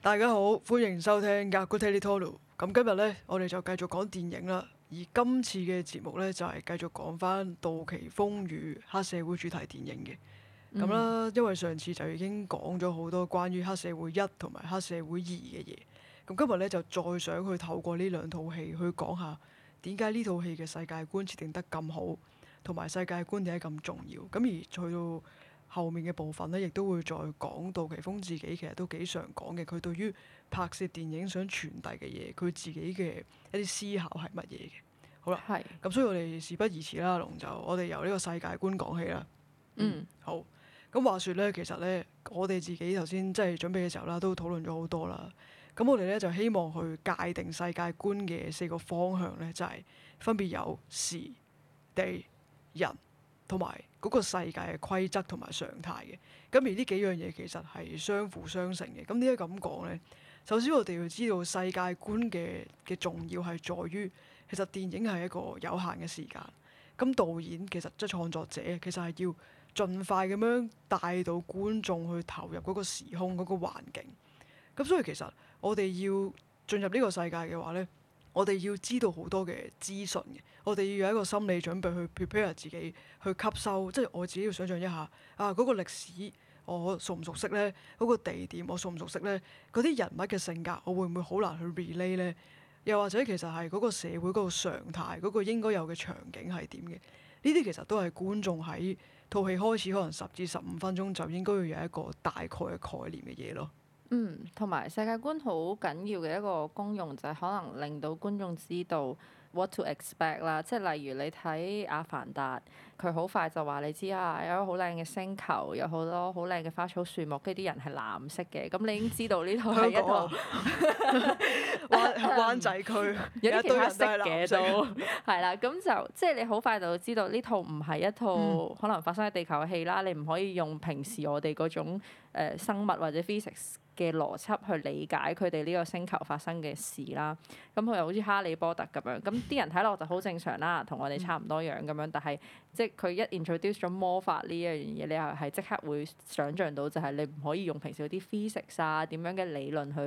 大家好，歡迎收聽《Agustino》。咁今日呢，我哋就繼續講電影啦。而今次嘅節目呢，就係繼續講翻杜琪峰與黑社會主題電影嘅。咁啦、嗯，因為上次就已經講咗好多關於黑社會一、同埋黑社會二嘅嘢。咁今日呢，就再想去透過呢兩套戲去講下，點解呢套戲嘅世界觀設定得咁好，同埋世界觀點解咁重要。咁而再到後面嘅部分咧，亦都會再講杜琪峰自己其實都幾常講嘅，佢對於拍攝電影想傳遞嘅嘢，佢自己嘅一啲思考係乜嘢嘅。好啦，咁是所以我哋事不宜遲啦，龍就我哋由呢個世界觀講起啦。嗯，好。咁話說呢，其實呢，我哋自己頭先即係準備嘅時候啦，都討論咗好多啦。咁我哋呢，就希望去界定世界觀嘅四個方向呢，就係、是、分別有時、地、人同埋嗰個世界嘅規則同埋常態嘅，咁而呢幾樣嘢其實係相輔相成嘅。咁點解咁講呢？首先我哋要知道世界觀嘅嘅重要係在於，其實電影係一個有限嘅時間。咁導演其實即係創作者，其實係要盡快咁樣帶到觀眾去投入嗰個時空嗰個環境。咁所以其實我哋要進入呢個世界嘅話呢，我哋要知道好多嘅資訊嘅，我哋要有一個心理準備去 prepare 自己去吸收。即係我自己要想象一下啊，嗰個歷史我熟唔熟悉呢？嗰個地點我熟唔熟悉呢？嗰啲人物嘅性格我會唔會好難去 relay 呢？又或者其實係嗰個社會嗰個常態、嗰個應該有嘅場景係點嘅？呢啲其實都係觀眾喺套戲開始可能十至十五分鐘就應該要有一個大概嘅概念嘅嘢咯。嗯，同埋世界觀好緊要嘅一個功用就係可能令到觀眾知道 what to expect 啦，即係例如你睇《阿凡達》。佢好快就話你知啊，有好靚嘅星球，有好多好靚嘅花草樹木，跟住啲人係藍色嘅。咁你已經知道呢套係一套灣 灣仔區，uh, 有一啲其他色嘅都係啦。咁 就即係、就係、你好快就知道呢套唔係一套，一套、嗯、可能發生喺地球嘅戲啦。你唔可以用平時我哋嗰種誒生物或者 physics 嘅邏輯去理解佢哋呢個星球發生嘅事啦。咁佢又好似哈利波特咁樣，咁啲人睇落就好正常啦，同我哋差唔多樣咁樣，但係即係。佢一 introduce 咗魔法呢一樣嘢，你又係即刻會想象到就係你唔可以用平時嗰啲 physics 啊、點樣嘅理論去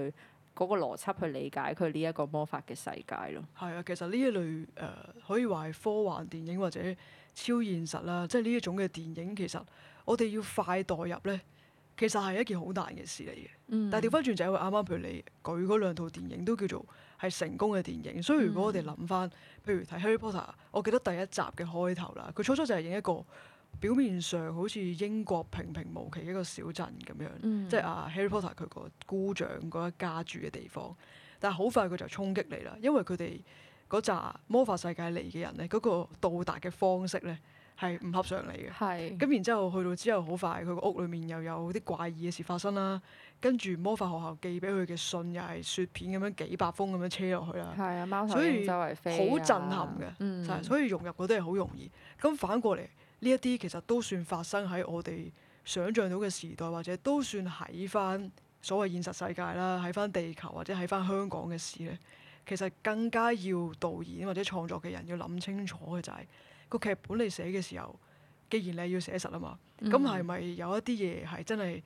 嗰個邏輯去理解佢呢一個魔法嘅世界咯。係啊，其實呢一類誒、呃、可以話係科幻電影或者超現實啦，即係呢一種嘅電影，其實我哋要快代入咧，其實係一件好難嘅事嚟嘅。嗯，但調翻轉就係啱啱，譬如你剛剛舉嗰兩套電影都叫做，係成功嘅電影，所以如果我哋諗翻，譬如睇《Harry Potter》，我記得第一集嘅開頭啦，佢初初就係影一個表面上好似英國平平無奇一個小鎮咁樣，嗯、即係啊《Harry Potter》佢、個姑丈嗰一家住嘅地方，但係好快佢就衝擊嚟啦，因為佢哋嗰紮魔法世界嚟嘅人咧，嗰、個到達嘅方式咧係唔合上嚟嘅，咁是然之後去到之後好快佢個屋裏面又有啲怪異嘅事發生啦。跟住魔法學校寄俾佢嘅信又係雪片咁樣幾百封咁樣車落去啦，的所以好震撼嘅，就係、嗯、所以融入嗰啲係好容易。咁反過嚟呢一啲其實都算發生喺我哋想像到嘅時代，或者都算喺翻所謂現實世界啦，喺翻地球或者喺翻香港嘅事咧，其實更加要導演或者創作嘅人要諗清楚嘅就係個劇本你寫嘅時候，既然你要寫實啊嘛，咁係咪有一啲嘢係真係，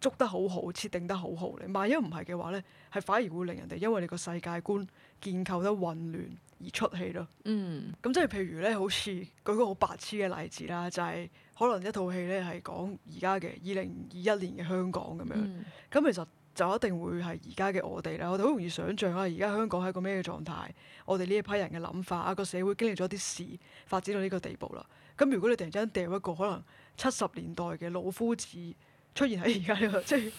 捉得好好，設定得好好。你萬一唔係嘅話呢係反而會令人哋因為你個世界觀建構得混亂而出戲咯。咁、嗯、即係譬如呢，好似舉個好白痴嘅例子啦，就係、是、可能一套戲呢係講而家嘅二零二一年嘅香港咁樣。咁、嗯、其實就一定會係而家嘅我哋啦。我哋好容易想象啊，而家香港係個咩嘅狀態？我哋呢一批人嘅諗法啊，個社會經歷咗啲事，發展到呢個地步啦。咁如果你突然之間掉一個可能七十年代嘅老夫子，出現喺而家呢個即係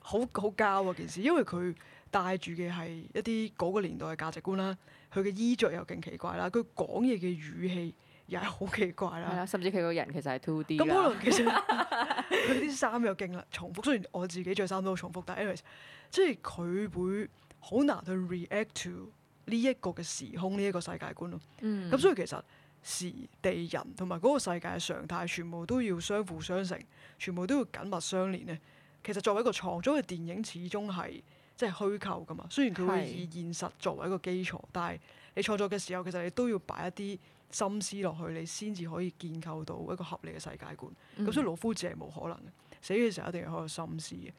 好好膠啊件事，因為佢帶住嘅係一啲嗰個年代嘅價值觀啦，佢嘅衣着又勁奇怪啦，佢講嘢嘅語氣又係好奇怪啦，甚至佢個人其實係 two D。咁可能其實佢啲衫又勁啦，重複雖然我自己着衫都好重複，但係 Anyway 即係佢會好難去 react to 呢一個嘅時空，呢一個世界觀咯。嗯、咁所以其實。時地人同埋嗰個世界嘅常態，全部都要相輔相成，全部都要緊密相連。呢，其實作為一個創作嘅電影，始終係即係虛構噶嘛。雖然佢會以現實作為一個基礎，是但係你創作嘅時候，其實你都要擺一啲心思落去，你先至可以建構到一個合理嘅世界觀。咁、嗯、所以老夫子係冇可能嘅，寫嘅時候一定要好有心思嘅。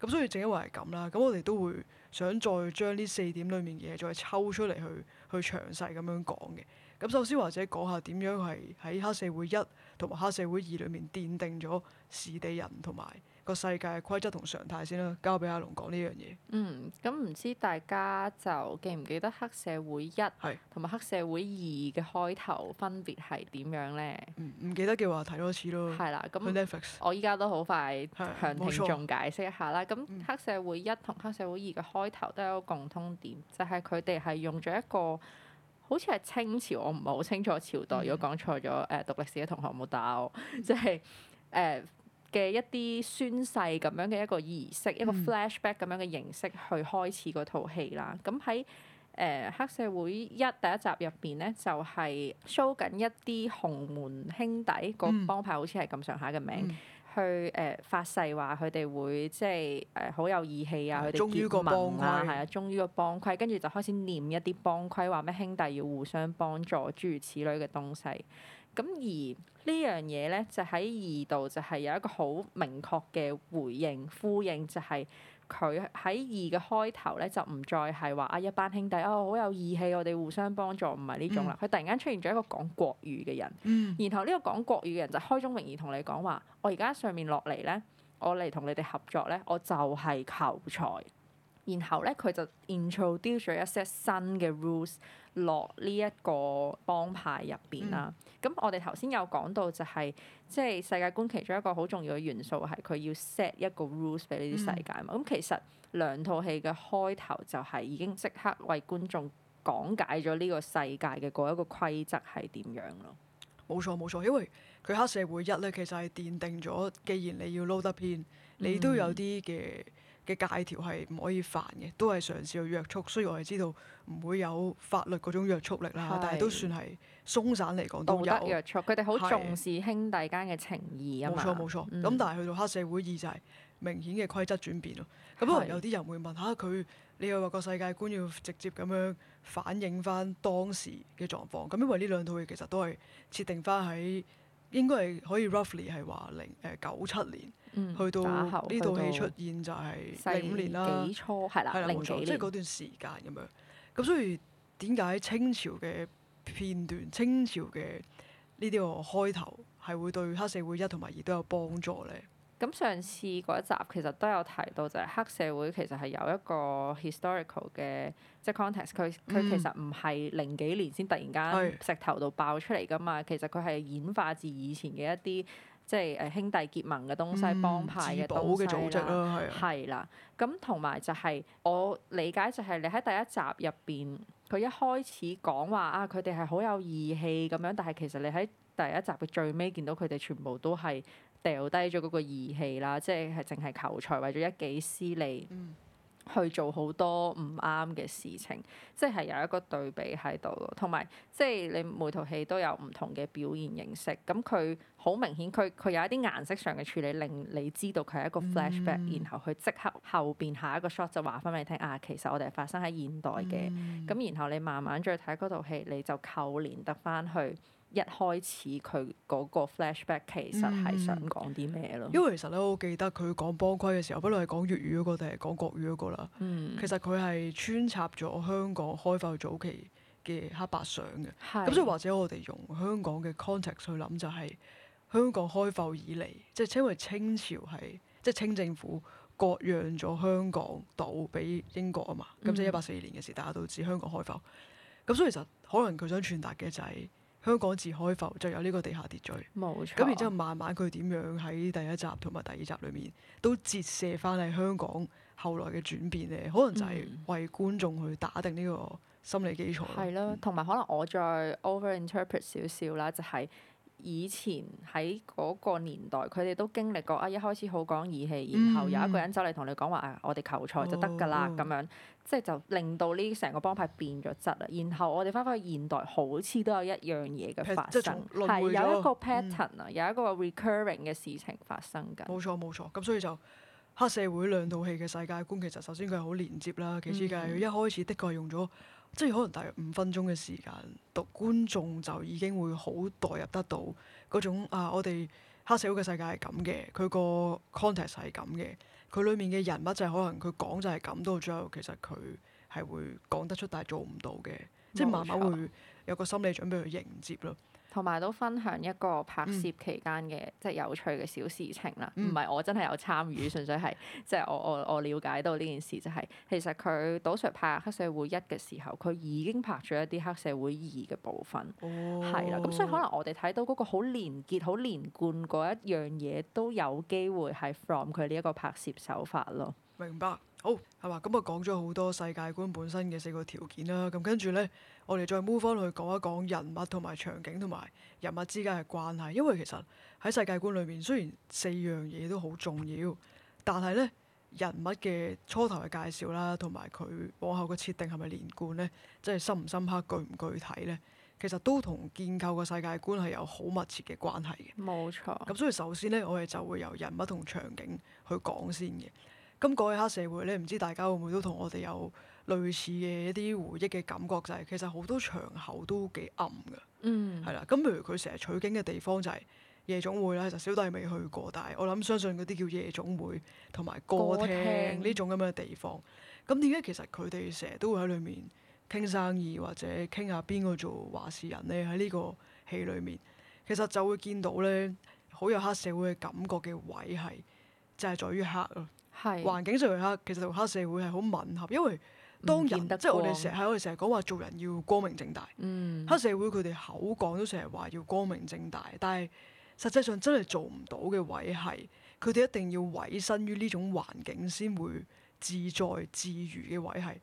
咁所以正因為係咁啦，咁我哋都會想再將呢四點裡面嘅嘢再抽出嚟去去詳細咁樣講嘅。咁首先或者講下點樣係喺黑社會一同埋黑社會二裏面奠定咗市地人同埋個世界規則同常態先啦，交俾阿龍講呢樣嘢。嗯，咁唔知大家就記唔記得黑社會一同埋黑社會二嘅開頭分別係點樣咧？唔唔、嗯、記得嘅話睇多次咯。係啦，咁、嗯、我依家都好快向聽眾解釋一下啦。咁錯黑社會一同黑社會二嘅開頭都有個共通點，就係佢哋係用咗一個。好似係清朝，我唔係好清楚朝代。如果講錯咗，誒、呃、讀歷史嘅同學冇打我。即係誒嘅一啲宣誓咁樣嘅一個儀式， 一個 flashback 咁樣嘅形式去開始嗰套戲啦。咁喺誒黑社會一第一集入邊咧，就係 show 緊一啲洪門兄弟個幫派好，好似係咁上下嘅名。去誒、呃、發誓話佢哋會即係誒好有義氣啊，佢哋、嗯、結盟啊，係啊忠於個幫規，跟住就開始念一啲幫規，話咩兄弟要互相幫助，諸如此類嘅東西。咁而呢樣嘢咧，就喺二度就係有一個好明確嘅回應呼應，就是，就係。佢喺二嘅開頭咧，就唔再係話啊一班兄弟哦好有義氣，我哋互相幫助，唔係呢種啦。佢突然間出現咗一個講國語嘅人，嗯、然後呢個講國語嘅人就開宗明義同你講話，我而家上面落嚟咧，我嚟同你哋合作咧，我就係求財。然後咧，佢就 introduce 咗一 set 新嘅 rules 落呢一個幫派入邊啦。咁、嗯、我哋頭先有講到就係、是，即係世界觀其中一個好重要嘅元素係佢要 set 一個 rules 俾呢啲世界嘛。咁、嗯、其實兩套戲嘅開頭就係已經即刻為觀眾講解咗呢個世界嘅嗰一個規則係點樣咯。冇錯冇錯，因為佢黑社會一咧，其實係奠定咗，既然你要撈得偏，你都有啲嘅。嗯嘅界條係唔可以犯嘅，都係嘗試去約束，雖然我哋知道唔會有法律嗰種約束力啦。的但係都算係鬆散嚟講都有，約束，佢哋好重視兄弟間嘅情義啊嘛。冇錯冇錯，咁、嗯、但係去到黑社會二就係、是、明顯嘅規則轉變咯。咁可能有啲人會問下佢、啊，你又話個世界觀要直接咁樣反映翻當時嘅狀況。咁因為呢兩套嘢其實都係設定翻喺應該係可以 roughly 係話零誒九七年。去到呢套戲出現就係零五年啦，年幾初係啦，了零幾年，即係嗰段時間咁樣。咁所以點解清朝嘅片段、清朝嘅呢啲開頭係會對黑社會一同埋二都有幫助咧？咁上次嗰一集其實都有提到，就係黑社會其實係有一個 historical 嘅即係 context。佢佢其實唔係零幾年先突然間石頭度爆出嚟噶嘛，的其實佢係演化自以前嘅一啲。即係誒兄弟結盟嘅東西，嗯、幫派嘅東西啦，係啦。咁同埋就係、是、我理解就係你喺第一集入邊，佢一開始講話啊，佢哋係好有義氣咁樣，但係其實你喺第一集嘅最尾見到佢哋全部都係掉低咗嗰個義氣啦，即係係淨係求財為咗一己私利。嗯去做好多唔啱嘅事情，即係有一個對比喺度咯，同埋即係你每套戲都有唔同嘅表現形式，咁佢好明顯佢佢有一啲顏色上嘅處理，令你知道佢係一個 flashback、嗯、然後佢即刻後邊下一個 shot 就話翻俾你聽啊，其實我哋係發生喺現代嘅，咁、嗯、然後你慢慢再睇嗰套戲你就扣連得翻去。一開始佢嗰個 flashback 其實係想講啲咩咯？因為其實咧，我記得佢講幫規嘅時候，不論係講粵語嗰、那個定係講國語嗰、那個啦。嗯、其實佢係穿插咗香港開埠早期嘅黑白相嘅。咁即係或者我哋用香港嘅 context 去諗、就是，就係香港開埠以嚟，即係因為清朝係即係清政府割讓咗香港島俾英國啊嘛。咁即係一八四二年嘅事，大家都知香港開埠。咁所以其實可能佢想傳達嘅就係、是。香港自開埠就有呢個地下秩序，冇錯。咁然之後慢慢佢點樣喺第一集同埋第二集裏面都折射翻喺香港後來嘅轉變咧，可能就係為觀眾去打定呢個心理基礎。係咯，同埋可能我再 overinterpret 少少啦，就係、係。以前喺嗰個年代，佢哋都經歷過啊，一開始好講義氣，嗯、然後有一個人走嚟同你講話啊，我哋求財就得㗎啦，哦、咁樣即係就令到呢成個幫派變咗質啦。然後我哋翻返去現代，好似都有一樣嘢嘅發生，係有一個 pattern 啊，有一個、嗯、個 recurring 嘅事情發生緊。冇錯冇錯，咁所以就黑社會兩套戲嘅世界觀，其實首先佢係好連接啦，其次就係、嗯、哼佢一開始的確係用咗。即係可能大約五分鐘嘅時間，讀觀眾就已經會好代入得到嗰種啊！我哋黑社會嘅世界係咁嘅，佢個 context 係咁嘅，佢裡面嘅人物就係可能佢講就係咁，到最後其實佢係會講得出，但係做唔到嘅，即係慢慢會有個心理準備去迎接咯。同埋都分享一個拍攝期間嘅、嗯、即係有趣嘅小事情啦，唔係、嗯、我真係有參與， 純粹係即係我我我瞭解到呢件事就係、是，其實佢杜 Sir 拍《黑社會一》嘅時候，佢已經拍咗一啲《黑社會二》嘅部分，係啦、哦，咁所以可能我哋睇到嗰個好連結、好連貫嗰一樣嘢都有機會係 from 佢呢一個拍攝手法咯。明白。好係嘛，咁啊講咗好多世界觀本身嘅四個條件啦，咁跟住呢，我哋再 move 翻去講一講人物同埋場景同埋人物之間嘅關係，因為其實喺世界觀裏面，雖然四樣嘢都好重要，但係呢，人物嘅初頭嘅介紹啦，同埋佢往後嘅設定係咪連貫呢，即係深唔深刻、具唔具體呢？其實都同建構嘅世界觀係有好密切嘅關係嘅。冇錯錯。咁所以首先呢，我哋就會由人物同場景去講先嘅。咁講起黑社會咧，唔知大家會唔會都同我哋有類似嘅一啲回憶嘅感覺？就係、係、其實好多場口都幾暗㗎，嗯，係啦。咁譬如佢成日取景嘅地方就係夜總會啦。其實小弟未去過，但係我諗相信嗰啲叫夜總會同埋歌廳呢種咁嘅地方。咁點解其實佢哋成日都會喺裡面傾生意或者傾下邊個做話事人咧？喺呢個戲裏面，其實就會見到咧，好有黑社會嘅感覺嘅位係就係在於黑咯。是環境上黑，其實同黑社會係好吻合，因為當人即係我哋成日，我哋成日講話做人要光明正大。嗯，黑社會佢哋口講都成日話要光明正大，但係實際上真係做唔到嘅位係，佢哋一定要委身於呢種環境先會自在自如嘅位係。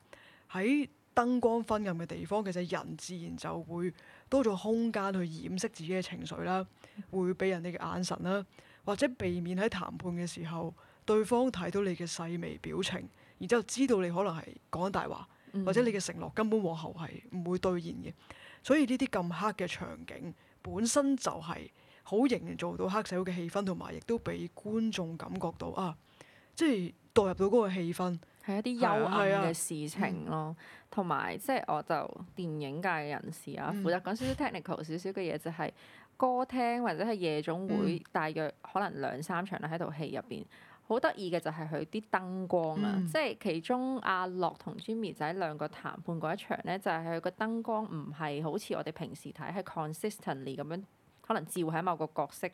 喺燈光昏暗嘅地方，其實人自然就會多咗空間去掩飾自己嘅情緒啦，會俾人哋嘅眼神啦，或者避免喺談判嘅時候，對方睇到你嘅細微表情，然之後知道你可能係講大話，或者你嘅承諾根本往後係唔會兌現嘅。所以呢啲咁黑嘅場景本身就係好營造到黑社會嘅氣氛，同埋亦都俾觀眾感覺到啊，即係代入到嗰個氣氛，係一啲幽暗嘅事情咯。同埋即係我就電影界嘅人士啊，負責講少少 technical 少少嘅嘢，就係、是、歌廳或者係夜總會，大約可能兩三場啦，喺套戲入邊。好得意嘅就係佢啲燈光啊，嗯、即係其中阿、啊、樂同 Jimmy 仔兩個談判嗰一場咧，就係佢個燈光唔係好似我哋平時睇係 consistently 咁樣，可能照喺某個角色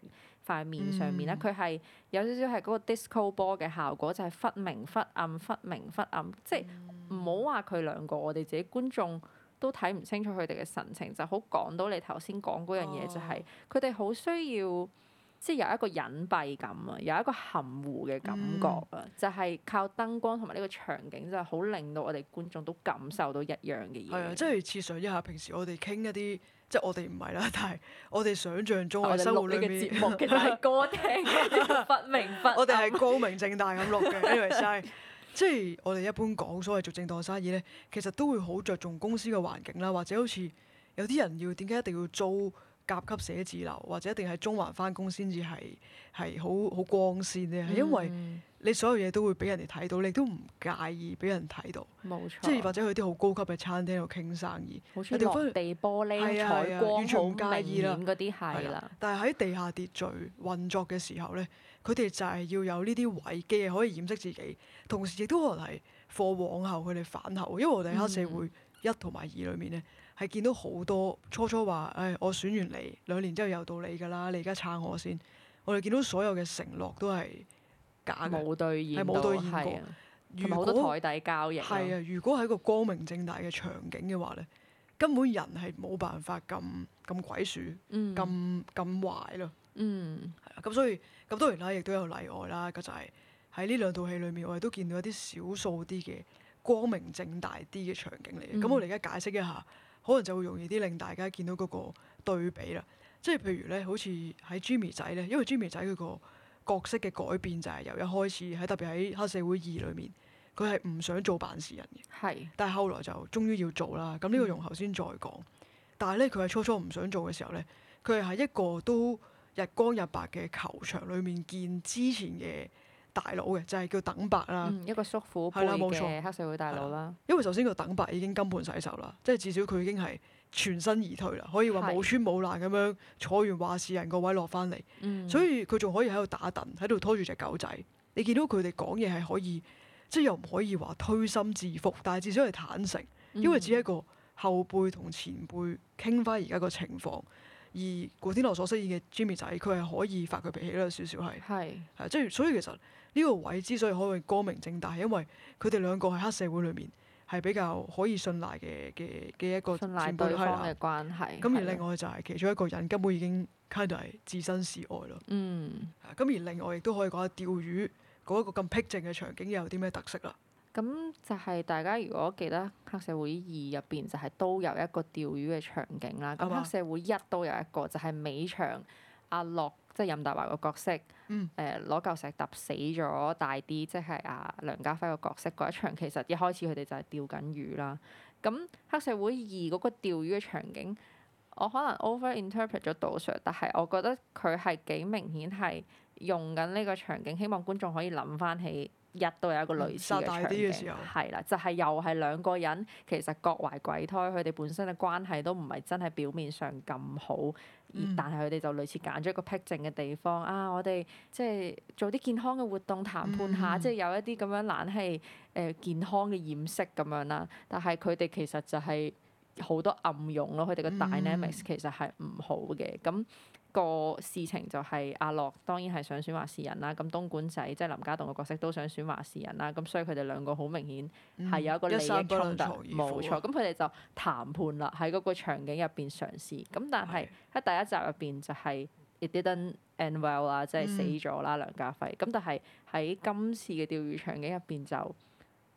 塊面上面咧，佢係、嗯、有少少係嗰個 disco ball 嘅效果，就係、是、忽明忽暗、忽明忽暗，即係唔好話佢兩個，我哋自己觀眾都睇唔清楚佢哋嘅神情，就好、是、講到你頭先講嗰樣嘢，哦、就係佢哋好需要。即係有一個隱蔽感啊，有一個含糊嘅感覺啊，嗯、就係靠燈光同埋呢個場景，就係好令到我哋觀眾都感受到一樣嘅嘢。係啊，即係試想一下，平時我哋傾一啲，即係我哋唔係啦，但係我哋想象中嘅生活裏嘅節目其嘅歌聽， 不明不，我哋係光明正大咁落嘅，s i 為 e 即係我哋一般講所謂做正當生意咧，其實都會好着重公司嘅環境啦，或者好似有啲人要點解一定要租？甲級寫字樓或者一定係中環翻工先至係係好好光鮮呢，係、嗯、因為你所有嘢都會俾人哋睇到，你都唔介意俾人睇到。冇錯，即係或者去啲好高級嘅餐廳度傾生意，落地玻璃、彩啊，啊啊彩光完全唔介意啦。但係喺地下秩序運作嘅時候呢，佢哋就係要有呢啲位嘅可以掩飾自己，同時亦都可能係貨往後。佢哋反後，因為我哋黑社會一同埋二裏面呢。裡面係見到好多初初話，誒我選完你，兩年之後又到你㗎啦，你而家撐我先。我哋見到所有嘅承諾都係假嘅，係冇兌現過。係好多台底交易。係啊，如果喺個光明正大嘅場景嘅話咧，根本人係冇辦法咁咁鬼鼠，嗯，咁咁壞咯，嗯，係、嗯、啊。咁所以咁當然啦，亦都有例外啦。咁就係喺呢兩套戲裏面，我哋都見到一啲少數啲嘅光明正大啲嘅場景嚟嘅。咁我哋而家解釋一下。可能就會容易啲令大家見到嗰個對比啦，即係譬如咧，好似喺 Jimmy 仔咧，因為 Jimmy 仔佢個角色嘅改變就係由一開始喺特別喺黑社會二裏面，佢係唔想做辦事人嘅，係是，但係後來就終於要做啦。咁呢個用後先再講，嗯、但係咧佢係初初唔想做嘅時候咧，佢係喺一個都日光日白嘅球場裏面見之前嘅。大佬嘅就係叫鄧伯啦、嗯，一個叔父輩嘅黑社會大佬啦。因為首先個鄧伯已經金盆洗手啦，即係至少佢已經係全身而退啦，可以話冇穿冇爛咁樣坐完話事人個位落翻嚟。嗯、所以佢仲可以喺度打躉，喺度拖住隻狗仔。你見到佢哋講嘢係可以，即係又唔可以話推心置腹，但係至少係坦誠，因為只係一個後輩同前輩傾翻而家個情況。而古天樂所飾演嘅 Jimmy 仔，佢係可以發佢脾氣啦，少少係係即係，的所以所以其實。呢個位之所以可以光明正大，係因為佢哋兩個係黑社會裏面係比較可以信賴嘅嘅嘅一個，信賴對方嘅關係。咁、嗯、而另外就係其中一個人根本已經 kindly 置身事外咯。嗯。咁、啊、而另外亦都可以講下釣魚嗰一、那個咁僻靜嘅場景有啲咩特色啦？咁就係大家如果記得黑社會二入邊就係都有一個釣魚嘅場景啦。咁、嗯、黑社會一都有一個就係尾場阿樂。啊即任達華個角色，誒攞嚿石揼死咗大啲，即係阿梁家輝個角色嗰一場，其實一開始佢哋就係釣緊魚啦。咁《黑社會二》嗰個釣魚嘅場景，我可能 over interpret 咗杜 Sir，但係我覺得佢係幾明顯係用緊呢個場景，希望觀眾可以諗翻起。日都有一個類似嘅場景，係啦，就係、是、又係兩個人，其實各懷鬼胎，佢哋本身嘅關係都唔係真係表面上咁好，而、嗯、但係佢哋就類似揀咗一個僻靜嘅地方啊，我哋即係做啲健康嘅活動，談判下，即係、嗯、有一啲咁樣冷氣誒、呃、健康嘅掩飾咁樣啦，但係佢哋其實就係、是。好多暗湧咯，佢哋個 dynamics 其實係唔好嘅。咁、嗯、個事情就係、是、阿樂當然係想選話事人啦，咁東莞仔即係、就是、林家棟嘅角色都想選話事人啦。咁所以佢哋兩個好明顯係有一個利益衝突，冇、嗯、錯。咁佢哋就談判啦，喺嗰個場景入邊嘗試。咁但係喺第一集入邊就係 It didn't end well 啊，即係死咗啦梁家輝。咁但係喺今次嘅釣魚場景入邊就。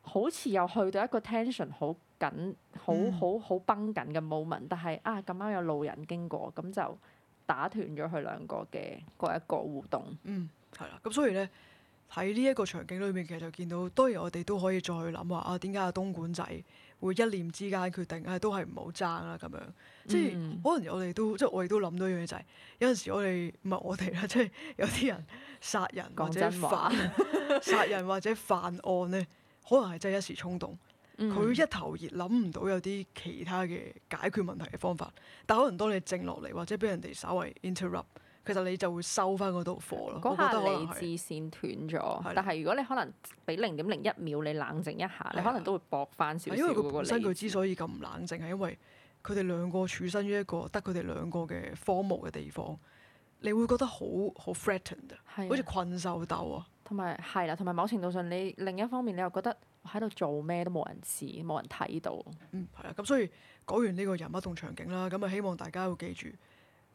好似又去到一個 tension 好緊，緊 ent，啊、好好好崩緊嘅 moment，但係啊咁啱有路人經過，咁就打斷咗佢兩個嘅嗰一個互動。嗯，係啦，咁所以咧，喺呢一個場景裏面，其實就見到當然我哋都可以再去諗話啊，點解阿東莞仔會一念之間決定都啊都係唔好爭啦咁樣。即係、嗯、可能我哋都即係我哋都諗到一樣嘢就係有陣時我哋唔係我哋啦，即係有啲、就是、人殺人或者犯 殺人或者犯案咧。可能係真係一時衝動，佢、嗯、一頭熱諗唔到有啲其他嘅解決問題嘅方法。但可能當你靜落嚟，或者俾人哋稍為 interrupt，其實你就會收翻嗰度火咯。嗰下理智線斷咗，的但係如果你可能俾零點零一秒你冷靜一下，的你可能都會搏翻少少。因為佢本身佢之所以咁冷靜，係因為佢哋兩個處身於一個得佢哋兩個嘅荒蕪嘅地方，你會覺得好好 threatened，好似困獸鬥啊！同埋係啦，同埋某程度上，你另一方面，你又覺得喺度做咩都冇人知，冇人睇到。嗯，係啦，咁所以講完呢個人物同場景啦，咁啊，希望大家要記住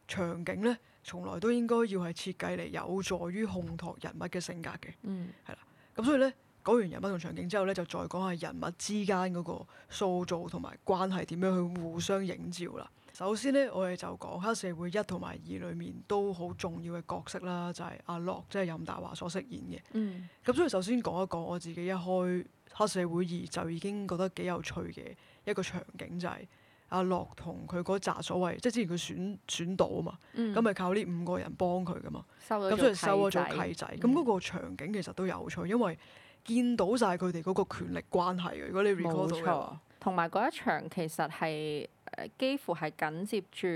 場景咧，從來都應該要係設計嚟有助於烘托人物嘅性格嘅。嗯，係啦，咁所以咧講完人物同場景之後咧，就再講下人物之間嗰個塑造同埋關係點樣去互相映照啦。首先咧，我哋就講《黑社會一》同埋《二》裏面都好重要嘅角色啦，就係、是、阿樂，即係任達華所飾演嘅。咁、嗯、所以首先講一講我自己一開《黑社會二》就已經覺得幾有趣嘅一個場景就係、是、阿樂同佢嗰扎所謂即係之前佢選選到啊嘛，咁咪、嗯、靠呢五個人幫佢噶嘛。咁所以收咗做契仔。咁嗰、嗯、個場景其實都有趣，因為見到晒佢哋嗰個權力關係嘅。如果你 recall 到嘅話錯。同埋嗰一場其實係誒幾乎係緊接住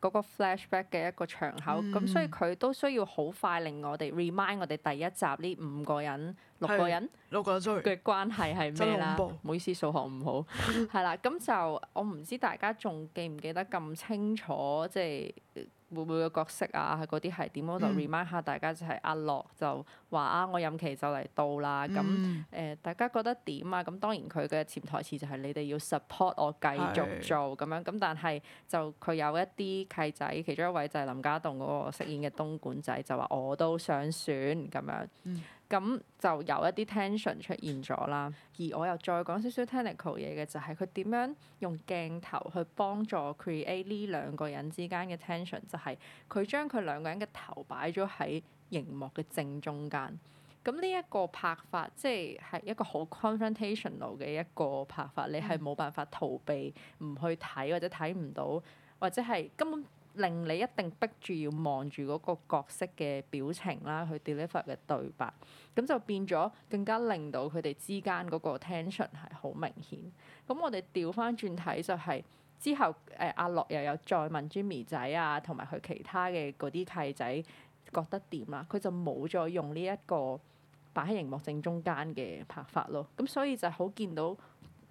嗰個 flashback 嘅一個場口，咁所以佢都需要好快令我哋 remind 我哋第一集呢五個人六個人六個人嘅關係係咩啦？唔好意思，數學唔好，係啦、 嗯，咁就我唔知大家仲記唔記得咁清楚，即係。會唔會個角色啊，嗰啲係點我就 remind 下大家、嗯、就係阿樂就話啊，我任期就嚟到啦，咁誒、呃、大家覺得點啊？咁當然佢嘅潛台詞就係你哋要 support 我繼續做咁是 樣，咁但係就佢有一啲契仔，其中一位就係林家棟嗰個飾演嘅東莞仔就話我都想選咁樣。嗯咁、嗯、就有一啲 tension 出現咗啦，嗯、而我又再講少少 technical 嘢嘅就係佢點樣用鏡頭去幫助 create 呢兩個人之間嘅 tension，就係佢將佢兩個人嘅頭擺咗喺熒幕嘅正中間。咁呢一個拍法即係係一個好 confrontational 嘅一個拍法，嗯、你係冇辦法逃避，唔去睇或者睇唔到，或者係根本。令你一定逼住要望住嗰個角色嘅表情啦，去 deliver 嘅對白，咁就變咗更加令到佢哋之間嗰個 tension 係好明顯。咁我哋調翻轉睇就係、是、之後，誒阿樂又有再問 Jimmy 仔啊，同埋佢其他嘅嗰啲契仔覺得點啊？佢就冇再用呢一個擺喺熒幕正中間嘅拍法咯。咁所以就好見到。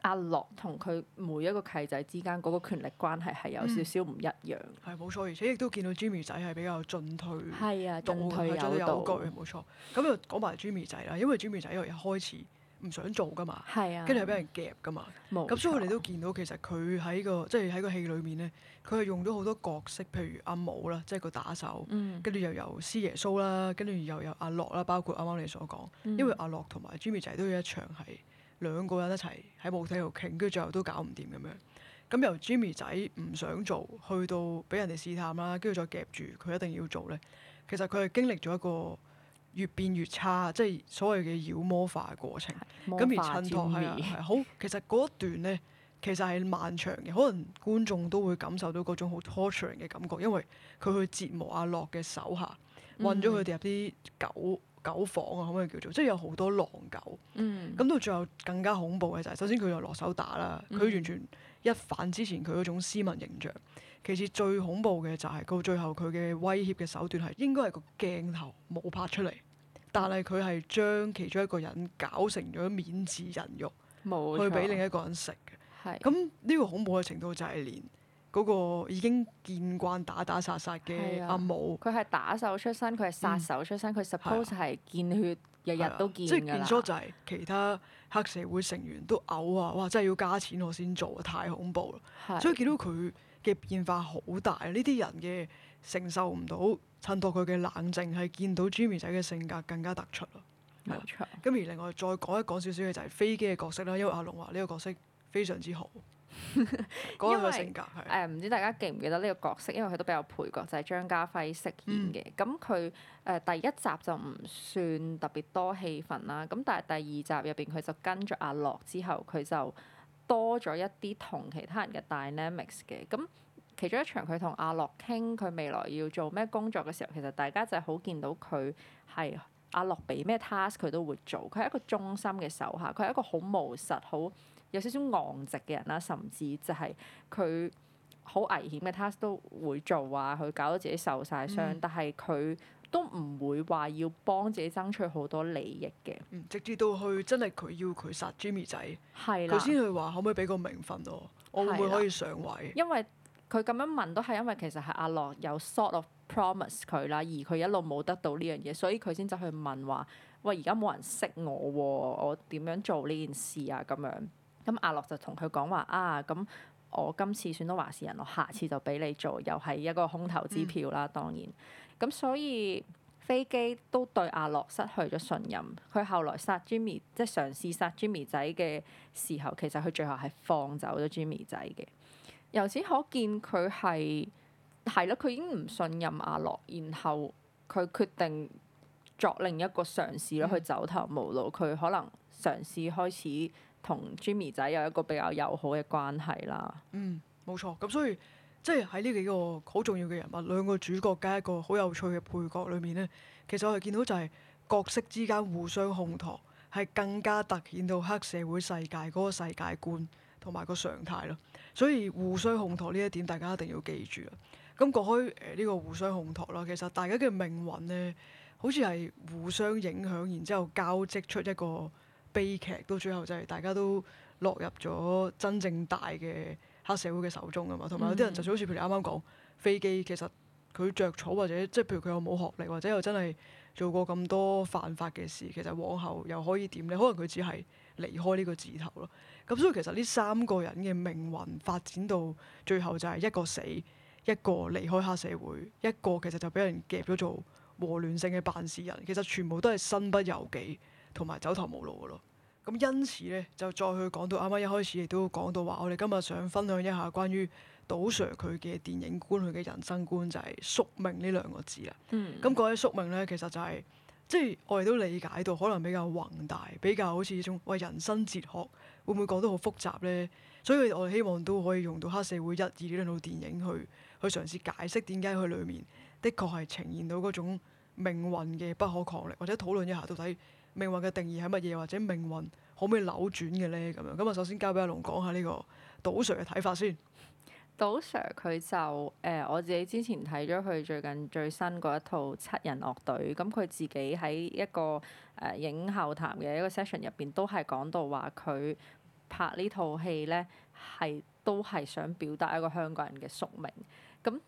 阿樂同佢每一個契仔之間嗰個權力關係係有少少唔一樣、嗯。係冇錯，而且亦都見到 Jimmy 仔係比較進退。係啊，進退，進退有度。有度。冇錯。咁又講埋 Jimmy 仔啦，因為 Jimmy 仔又一開始唔想做噶嘛。跟住又俾人夾噶嘛。冇。咁所以我哋都見到其實佢喺個即係喺個戲裡面咧，佢係用咗好多角色，譬如阿武啦，即係個打手。跟住、嗯、又有師爺蘇啦，跟住又有阿樂啦，包括啱啱你所講，因為阿樂同埋 Jimmy 仔都有一場係。兩個人一齊喺舞臺度傾，跟住最後都搞唔掂咁樣。咁由 Jimmy 仔唔想做，去到俾人哋試探啦，跟住再夾住佢一定要做呢。其實佢係經歷咗一個越變越差，即係所謂嘅妖魔化嘅過程。咁化而襯托係 Jimmy、啊啊啊、好。其實嗰段呢，其實係漫長嘅，可能觀眾都會感受到嗰種好 torturing 嘅感覺，因為佢去折磨阿樂嘅手下，揾咗佢哋入啲狗。嗯狗房啊，可唔可以叫做？即係有好多狼狗。嗯。咁到最後更加恐怖嘅就係，首先佢又落手打啦，佢、嗯、完全一反之前佢嗰種斯文形象。其次最恐怖嘅就係，到最後佢嘅威脅嘅手段係應該係個鏡頭冇拍出嚟，但係佢係將其中一個人搞成咗免治人肉，冇去俾另一個人食。係。咁呢的個恐怖嘅程度就係連。嗰個已經見慣打打殺殺嘅阿武，佢係打手出身，佢係殺手出身，佢 suppose 係見血日日都見嘅、啊。即係變咗就係其他黑社會成員都嘔啊！哇，真係要加錢我先做啊！太恐怖啦！是所以見到佢嘅變化好大，呢啲人嘅承受唔到，襯托佢嘅冷靜係見到 Jimmy 仔嘅性格更加突出咯。冇錯。咁而另外再講一講少少嘅就係飛機嘅角色啦，因為阿龍話呢個角色非常之好。嗰個性格唔知大家記唔記得呢個角色？因為佢都比較配角，就係張家輝飾演嘅。咁佢誒第一集就唔算特別多戲份啦。咁但係第二集入邊，佢就跟住阿樂之後，佢就多咗一啲同其他人嘅 dynamics 嘅。咁其中一場佢同阿樂傾佢未來要做咩工作嘅時候，其實大家就係好見到佢係阿樂俾咩 task 佢都會做。佢係一個忠心嘅手下，佢係一個好務實好，有少少戇直嘅人啦，甚至就係佢好危險嘅 task 都會做啊，佢搞到自己受晒傷，嗯、但係佢都唔會話要幫自己爭取好多利益嘅、嗯。直至到去真係佢要佢殺 Jimmy 仔，係啦的，佢先去話可唔可以俾個名分我？我會唔會可以上位。因為佢咁樣問都係因為其實係阿樂有 sort of promise 佢啦，而佢一路冇得到呢樣嘢，所以佢先走去問話。喂，而家冇人識我喎，我點樣做呢件事啊？咁樣。咁阿樂就同佢講話啊，咁我今次算咗話事人，我下次就俾你做，又係一個空頭支票啦，當然。咁、嗯、所以飛機都對阿樂失去咗信任。佢後來殺 Jimmy，即係嘗試殺 Jimmy 仔嘅時候，其實佢最後係放走咗 Jimmy 仔嘅。由此可見，佢係係咯，佢已經唔信任阿、啊、樂。然後佢決定作另一個嘗試咯，佢走投無路。佢、嗯、可能嘗試開始。同 Jimmy 仔有一個比較友好嘅關係啦。嗯，冇錯。咁所以即係喺呢幾個好重要嘅人物，兩個主角加一個好有趣嘅配角裏面呢，其實我哋見到就係角色之間互相烘托，係更加凸顯到黑社會世界嗰個世界觀同埋個常態咯。所以互相烘托呢一點，大家一定要記住啦。咁講開誒呢個互相烘托啦，其實大家嘅命運呢，好似係互相影響，然之後交織出一個悲劇到最後就係大家都落入咗真正大嘅黑社會嘅手中啊嘛，同埋有啲人就算好似譬如你啱啱講飛機，其實佢着草或者即係譬如佢又冇學歷，或者又真係做過咁多犯法嘅事，其實往後又可以點呢？可能佢只係離開呢個字頭咯。咁所以其實呢三個人嘅命運發展到最後就係一個死，一個離開黑社會，一個其實就俾人夾咗做和聯勝嘅話事人。其實全部都係身不由己。同埋走投無路嘅咯，咁因此呢，就再去講到啱啱一開始亦都講到話，我哋今日想分享一下關於杜 Sir 佢嘅電影觀，佢嘅人生觀就係宿命呢兩個字啦。咁講起宿命呢，其實就係即係我哋都理解到，可能比較宏大，比較好似一種喂人生哲學，會唔會講得好複雜呢？所以我哋希望都可以用到黑社會一二呢兩套電影去去嘗試解釋點解佢裡面的確係呈現到嗰種命運嘅不可抗力，或者討論一下到底，命運嘅定義係乜嘢，或者命運可唔可以扭轉嘅咧？咁樣咁啊，我首先交俾阿龍講下呢個杜 Sir 嘅睇法先。杜 Sir 佢就誒，我自己之前睇咗佢最近最新嗰一套《七人樂隊》，咁佢自己喺一個誒、呃、影後談嘅一個 session 入邊，都係講到話佢拍呢套戲咧，係都係想表達一個香港人嘅宿命咁。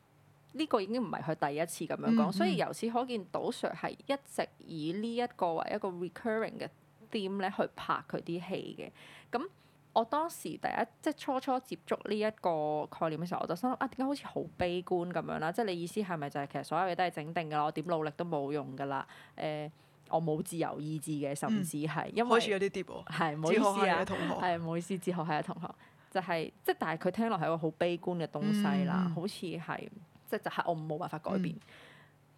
呢個已經唔係佢第一次咁樣講，嗯、所以由此可見，杜 sir 係一直以呢、這、一個為一個 recurring 嘅 theme 咧去拍佢啲戲嘅。咁我當時第一即係初初接觸呢一個概念嘅時候，我就心諗啊，點解好似好悲觀咁樣啦？即係你意思係咪就係其實所有嘢都係整定㗎啦？我點努力都冇用㗎啦？誒、呃，我冇自由意志嘅，甚至係因為係唔、嗯、好意思啊，係唔好，好意思，哲學系嘅同學，就係即係但係佢聽落係一個好悲觀嘅東西啦，嗯、好似係。即係就係我冇辦法改變，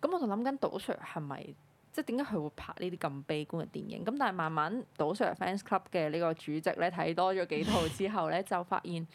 咁、嗯、我就諗緊杜 Sir 係咪即係點解佢會拍呢啲咁悲觀嘅電影？咁但係慢慢杜 Sir fans club 嘅呢個主席咧睇多咗幾套之後咧，就發現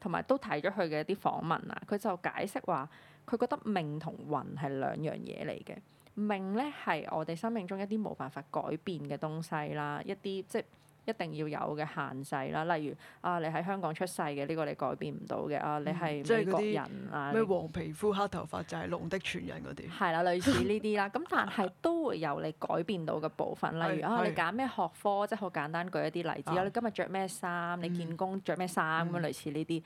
同埋都睇咗佢嘅一啲訪問啊，佢就解釋話佢覺得命同運係兩樣嘢嚟嘅，命咧係我哋生命中一啲冇辦法改變嘅東西啦，一啲即係。就是一定要有嘅限制啦，例如啊，你喺香港出世嘅呢個，你改變唔到嘅啊，你係美國人啊，咩、嗯、黃皮膚黑頭髮就係龍的傳人嗰啲，係啦、啊，類似呢啲啦。咁 但係都會有你改變到嘅部分，例如啊，你揀咩學科，即係好簡單舉一啲例子啦。是你今日着咩衫，嗯、你見工着咩衫咁樣，嗯、類似呢啲。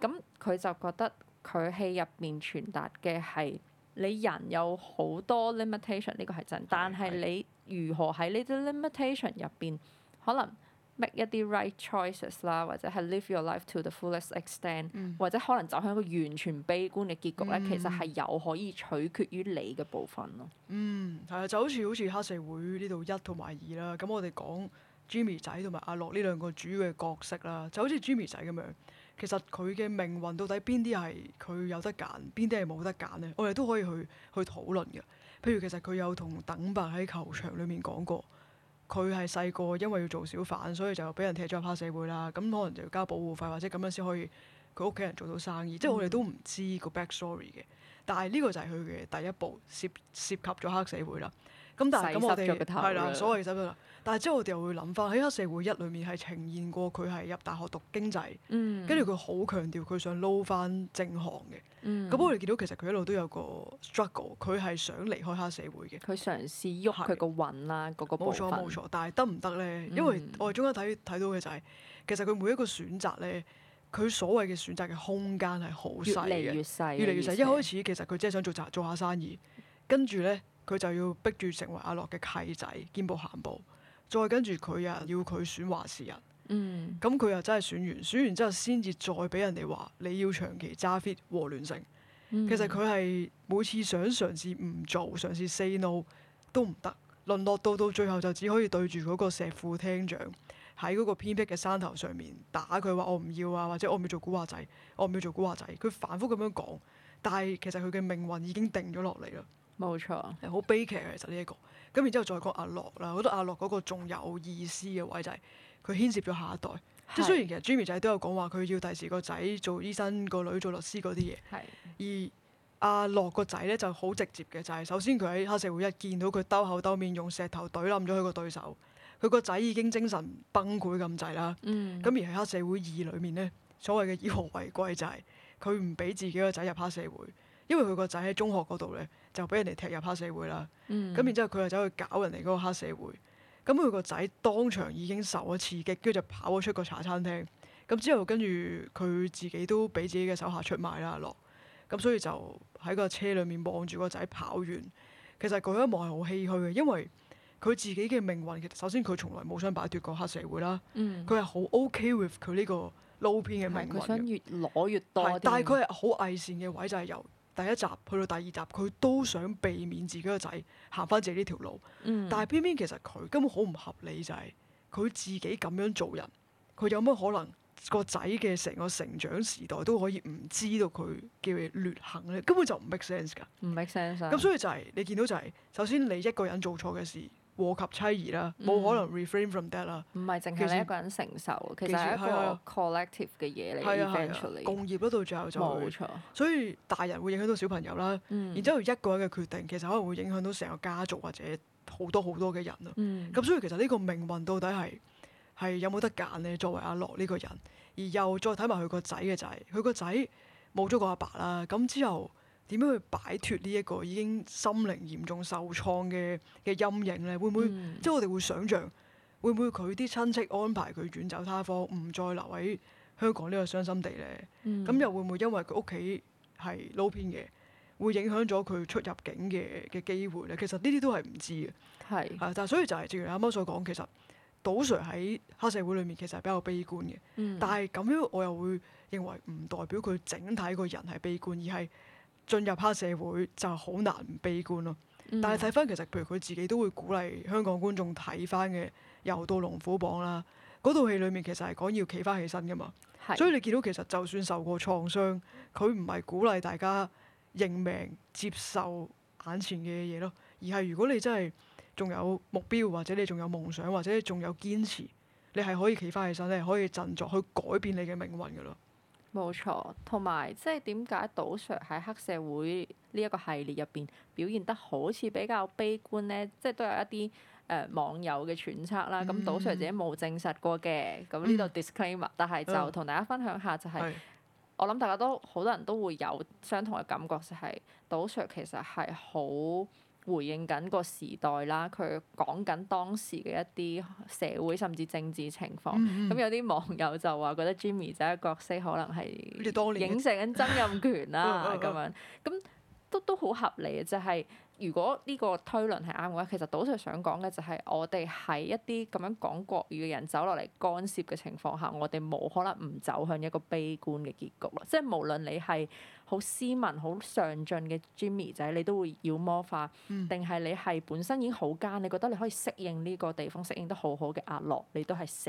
咁佢就覺得佢戲入邊傳達嘅係你人有好多 limitation，呢個係真。但係你如何喺呢啲 limitation 入邊？可能 make 一啲 right choices 啦，或者係 live your life to the fullest extent，、嗯、或者可能走向一個完全悲觀嘅結局咧，嗯、其實係有可以取決於你嘅部分咯。嗯，係啊，就好似好似黑社會呢度一同埋二啦，咁我哋講 Jimmy 仔同埋阿樂呢兩個主要嘅角色啦，就好似 Jimmy 仔咁樣，其實佢嘅命運到底邊啲係佢有得揀，邊啲係冇得揀咧？我哋都可以去去討論嘅。譬如其實佢有同鄧伯喺球場裏面講過。佢係細個，因為要做小販，所以就俾人踢咗入黑社會啦。咁可能就要交保護費或者咁樣先可以佢屋企人做到生意。嗯、即係我哋都唔知個 back story 嘅，但係呢個就係佢嘅第一步，涉涉及咗黑社會啦。咁但係咁我哋係啦，所謂洗濕咗啦。但係之後我哋又會諗翻喺黑社會一裏面係呈現過佢係入大學讀經濟，跟住佢好強調佢想撈翻正行嘅。咁、嗯、我哋見到其實佢一路都有個 struggle，佢係想離開黑社會嘅。佢嘗試喐下佢個運啦，個是個部分冇錯冇錯，但係得唔得咧？嗯、因為我哋中間睇睇到嘅就係、是、其實佢每一個選擇咧，佢所謂嘅選擇嘅空間係好細嘅，越嚟越細，越嚟越細。一開始其實佢只係想做做下生意，跟住咧。佢就要逼住成為阿樂嘅契仔，見步行步，再跟住佢啊，要佢選話事人。嗯，咁佢又真係選完，選完之後先至再俾人哋話你要長期揸 fit 和聯勝。」其實佢係每次想嘗試唔做，嘗試 say no 都唔得，淪落到到最後就只可以對住嗰個石副廳長喺嗰個偏僻嘅山頭上面打佢話我唔要啊，或者我唔要做古惑仔，我唔要做古惑仔。佢反覆咁樣講，但係其實佢嘅命運已經定咗落嚟啦。冇錯，好悲劇嘅。其實呢、這、一個，咁然之後再講阿樂啦，我覺得阿樂嗰個仲有意思嘅位就係佢牽涉咗下一代。即係是雖然其實 Jimmy 仔都有講話，佢要第時個仔做醫生，個女做律師嗰啲嘢。是而阿樂個仔咧就好、是、直接嘅，就係、是、首先佢喺黑社會一見到佢兜口兜面用石頭懟冧咗佢個對手，佢個仔已經精神崩潰咁滯啦。咁、嗯、而喺黑社會二裏面咧，所謂嘅以和為貴就係佢唔俾自己個仔入黑社會。因為佢個仔喺中學嗰度咧，就俾人哋踢入黑社會啦。咁、嗯、然之後佢就走去搞人哋嗰個黑社會。咁佢個仔當場已經受咗刺激，跟住就跑咗出個茶餐廳。咁之後跟住佢自己都俾自己嘅手下出賣啦，阿樂。咁所以就喺個車裏面望住個仔跑完。其實嗰一幕係好唏噓嘅，因為佢自己嘅命運，其實首先佢從來冇想擺脫過黑社會啦。佢係好 OK with 佢呢個撈偏嘅命運。佢、嗯、想越攞越多，但係佢係好偽善嘅位就係有。第一集去到第二集，佢都想避免自己個仔行翻自己呢條路。嗯、但係偏偏其實佢根本好唔合理就係、是、佢自己咁樣做人，佢有乜可能個仔嘅成個成長時代都可以唔知道佢嘅劣行咧？根本就唔 make sense 噶，唔 make sense。咁所以就係、是，你見到就係、是、首先你一個人做錯嘅事。和及禍及妻兒啦，冇可能 refrain from that 啦、嗯。唔係淨係你一個人承受，其實係一個 collective 嘅嘢嚟，bring 出嚟。共業嗰度最後就係冇錯。所以大人會影響到小朋友啦，嗯、然之後一個人嘅決定其實可能會影響到成個家族或者好多好多嘅人咯。咁、嗯、所以其實呢個命運到底係係有冇得揀咧？作為阿樂呢個人，而又再睇埋佢個仔嘅就係佢個仔冇咗個阿爸啦。咁之後，點樣去擺脫呢一個已經心靈嚴重受創嘅嘅陰影呢？會唔會、嗯、即係我哋會想像，會唔會佢啲親戚安排佢遠走他方，唔再留喺香港呢個傷心地呢？咁、嗯、又會唔會因為佢屋企係撈偏嘅，會影響咗佢出入境嘅嘅機會呢？其實呢啲都係唔知嘅。係就是、啊、所以就係正如啱啱所講，其實杜 Sir 喺黑社會裏面其實係比較悲觀嘅。嗯、但係咁樣我又會認為唔代表佢整體個人係悲觀，而係。進入黑社會就係好難唔悲觀咯，嗯、但係睇翻其實，譬如佢自己都會鼓勵香港觀眾睇翻嘅，《柔道龍虎榜》啦，嗰套戲裡面其實係講要企翻起身噶嘛。是所以你見到其實就算受過創傷，佢唔係鼓勵大家認命接受眼前嘅嘢咯，而係如果你真係仲有目標或者你仲有夢想或者你仲有堅持，你係可以企翻起身，你係可以振作去改變你嘅命運噶咯。冇錯，同埋即係點解杜 Sir 喺黑社會呢一個系列入邊表現得好似比較悲觀咧？即係都有一啲誒、呃、網友嘅揣測啦。咁杜、嗯、Sir 自己冇證實過嘅，咁呢度 disclaimer、嗯。但係就同大家分享下、就是，就係、嗯、我諗大家都好是多人都會有相同嘅感覺、就是，就係杜 Sir 其實係好，回應緊個時代啦，佢講緊當時嘅一啲社會甚至政治情況，咁、嗯、有啲網友就話覺得 Jimmy 仔角色可能係影射緊曾蔭權啦、啊、咁 樣，咁都都好合理嘅就係、是。如果呢個推論係啱嘅話，其實杜 Sir 想講嘅就係我哋喺一啲咁樣講國語嘅人走落嚟干涉嘅情況下，我哋冇可能唔走向一個悲觀嘅結局咯。即係無論你係好斯文、好上進嘅 Jimmy 仔，你都會妖魔化；定係、嗯、你係本身已經好奸，你覺得你可以適應呢個地方，適應得好好嘅阿樂，你都係死；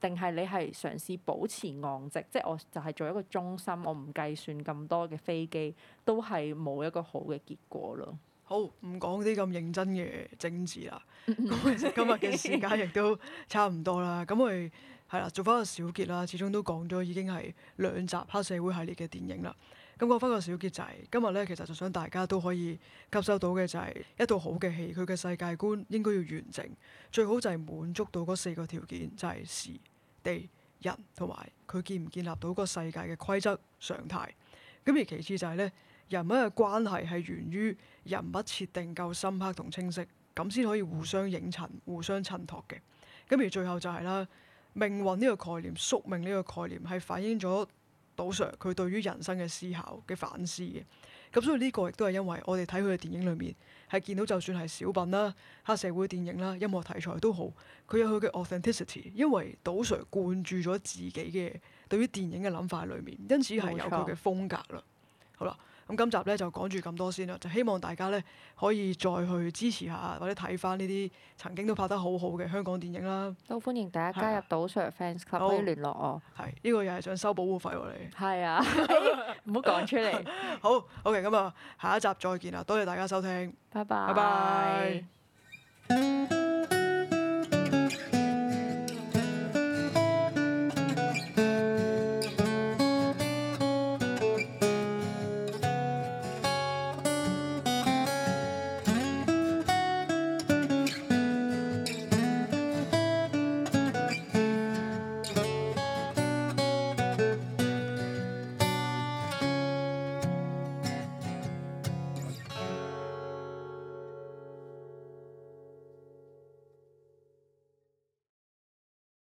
定係你係嘗試保持戇直，即係我就係做一個忠心，我唔計算咁多嘅飛機，都係冇一個好嘅結果咯。好，唔講啲咁認真嘅政治啦。咁其實今日嘅 時間亦都差唔多啦。咁我哋係啦，做翻個小結啦。始終都講咗已經係兩集黑社會系列嘅電影啦。咁講翻個小結就係、是、今日呢，其實就想大家都可以吸收到嘅就係一套好嘅戲，佢嘅世界觀應該要完整，最好就係滿足到嗰四個條件，就係、是、時地人同埋佢建唔建立到個世界嘅規則常態。咁而其次就係呢，人物嘅關係係源於。人物設定夠深刻同清晰，咁先可以互相映襯、互相襯托嘅。咁而最後就係、是、啦，命運呢個概念、宿命呢個概念，係反映咗杜 sir 佢對於人生嘅思考、嘅反思嘅。咁所以呢個亦都係因為我哋睇佢嘅電影裏面，係見到就算係小品啦、黑社會電影啦、音樂題材都好，佢有佢嘅 authenticity，因為杜 sir 灌注咗自己嘅對於電影嘅諗法裏面，因此係有佢嘅風格啦。冇錯。好啦。咁今集咧就講住咁多先啦，就希望大家咧可以再去支持下或者睇翻呢啲曾經都拍得好好嘅香港電影啦。都歡迎大家加入、啊、杜 Sir fans club，好可以聯絡我。係呢、呢個又係想收保護費喎、啊、你。係是啊，唔 好講出嚟。好，OK，咁、嗯、啊，下一集再見啦，多謝大家收聽，拜拜 bye。Bye bye。